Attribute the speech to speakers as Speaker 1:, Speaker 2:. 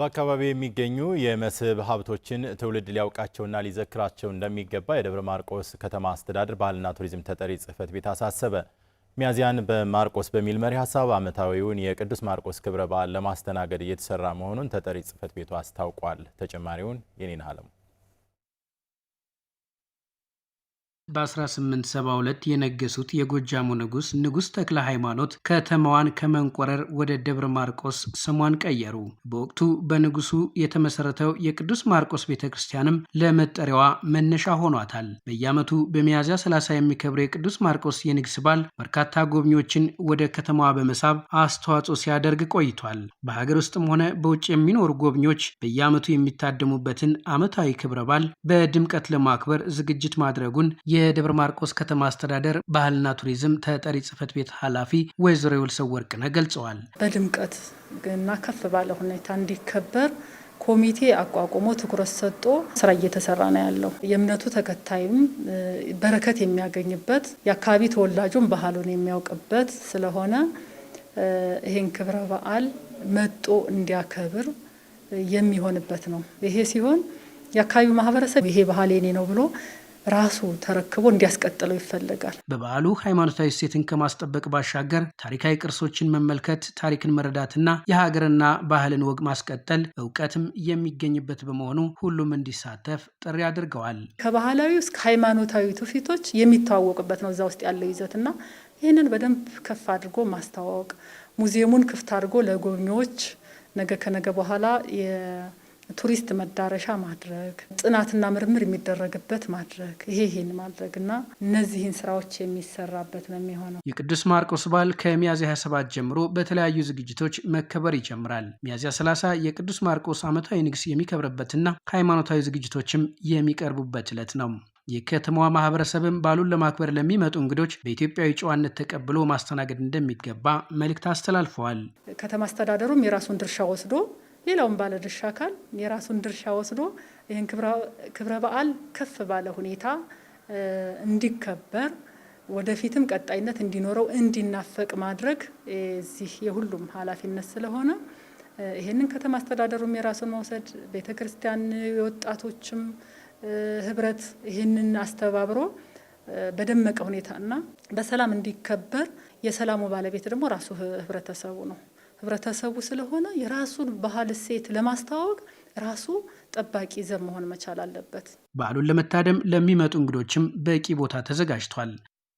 Speaker 1: በአካባቢ የሚገኙ የመስህብ ሀብቶችን ትውልድ ሊያውቃቸውና ሊዘክራቸው እንደሚገባ የደብረ ማርቆስ ከተማ አስተዳደር ባህልና ቱሪዝም ተጠሪ ጽህፈት ቤት አሳሰበ። ሚያዚያን በማርቆስ በሚል መሪ ሀሳብ ዓመታዊውን የቅዱስ ማርቆስ ክብረ በዓል ለማስተናገድ እየተሰራ መሆኑን ተጠሪ ጽህፈት ቤቱ አስታውቋል። ተጨማሪውን የኔና አለሙ
Speaker 2: በ1872 የነገሱት የጎጃሙ ንጉስ ንጉስ ተክለ ሃይማኖት ከተማዋን ከመንቆረር ወደ ደብረ ማርቆስ ስሟን ቀየሩ። በወቅቱ በንጉሱ የተመሰረተው የቅዱስ ማርቆስ ቤተ ክርስቲያንም ለመጠሪያዋ መነሻ ሆኗታል። በየዓመቱ በሚያዝያ 30 የሚከብረው የቅዱስ ማርቆስ የንግስ በዓል በርካታ ጎብኚዎችን ወደ ከተማዋ በመሳብ አስተዋጽኦ ሲያደርግ ቆይቷል። በሀገር ውስጥም ሆነ በውጭ የሚኖሩ ጎብኚዎች በየዓመቱ የሚታደሙበትን ዓመታዊ ክብረ በዓል በድምቀት ለማክበር ዝግጅት ማድረጉን የ የደብረ ማርቆስ ከተማ አስተዳደር ባህልና ቱሪዝም ተጠሪ ጽህፈት ቤት ኃላፊ ወይዘሮ የወልሰው ወርቅነህ ገልጸዋል።
Speaker 3: በድምቀት እና ከፍ ባለ ሁኔታ እንዲከበር ኮሚቴ አቋቁሞ ትኩረት ሰጥቶ ስራ እየተሰራ ነው ያለው። የእምነቱ ተከታይም በረከት የሚያገኝበት የአካባቢ ተወላጁን ባህሉን የሚያውቅበት ስለሆነ ይሄን ክብረ በዓል መጦ እንዲያከብር የሚሆንበት ነው። ይሄ ሲሆን የአካባቢው ማህበረሰብ ይሄ ባህል የኔ ነው ብሎ ራሱ ተረክቦ እንዲያስቀጥለው ይፈለጋል።
Speaker 2: በበዓሉ ሃይማኖታዊ እሴትን ከማስጠበቅ ባሻገር ታሪካዊ ቅርሶችን መመልከት፣ ታሪክን መረዳትና የሀገርና ባህልን ወግ ማስቀጠል እውቀትም የሚገኝበት በመሆኑ ሁሉም እንዲሳተፍ ጥሪ አድርገዋል።
Speaker 3: ከባህላዊ እስከ ሃይማኖታዊ ትውፊቶች የሚተዋወቅበት ነው እዛ ውስጥ ያለው ይዘትና ይህንን በደንብ ከፍ አድርጎ ማስተዋወቅ ሙዚየሙን ክፍት አድርጎ ለጎብኚዎች ነገ ከነገ በኋላ ቱሪስት መዳረሻ ማድረግ፣ ጥናትና ምርምር የሚደረግበት ማድረግ ይሄ ይሄን ማድረግ እና እነዚህን ስራዎች የሚሰራበት ነው የሚሆነው።
Speaker 2: የቅዱስ ማርቆስ በዓል ከሚያዝያ 27 ጀምሮ በተለያዩ ዝግጅቶች መከበር ይጀምራል። ሚያዝያ 30 የቅዱስ ማርቆስ ዓመታዊ ንግስ የሚከብርበትና ሃይማኖታዊ ዝግጅቶችም የሚቀርቡበት ዕለት ነው። የከተማዋ ማህበረሰብም በዓሉን ለማክበር ለሚመጡ እንግዶች በኢትዮጵያዊ ጨዋነት ተቀብሎ ማስተናገድ እንደሚገባ መልእክት አስተላልፈዋል።
Speaker 3: ከተማ አስተዳደሩም የራሱን ድርሻ ወስዶ ሌላውም ባለድርሻ አካል የራሱን ድርሻ ወስዶ ይህን ክብረ በዓል ከፍ ባለ ሁኔታ እንዲከበር ወደፊትም ቀጣይነት እንዲኖረው እንዲናፈቅ ማድረግ እዚህ የሁሉም ኃላፊነት ስለሆነ ይህንን ከተማ አስተዳደሩም የራሱን መውሰድ፣ ቤተ ክርስቲያን የወጣቶችም ህብረት ይህንን አስተባብሮ በደመቀ ሁኔታና በሰላም እንዲከበር የሰላሙ ባለቤት ደግሞ ራሱ ህብረተሰቡ ነው። ህብረተሰቡ ስለሆነ የራሱን ባህል እሴት ለማስተዋወቅ ራሱ ጠባቂ ዘብ መሆን መቻል አለበት።
Speaker 2: በዓሉን ለመታደም ለሚመጡ እንግዶችም በቂ ቦታ ተዘጋጅቷል።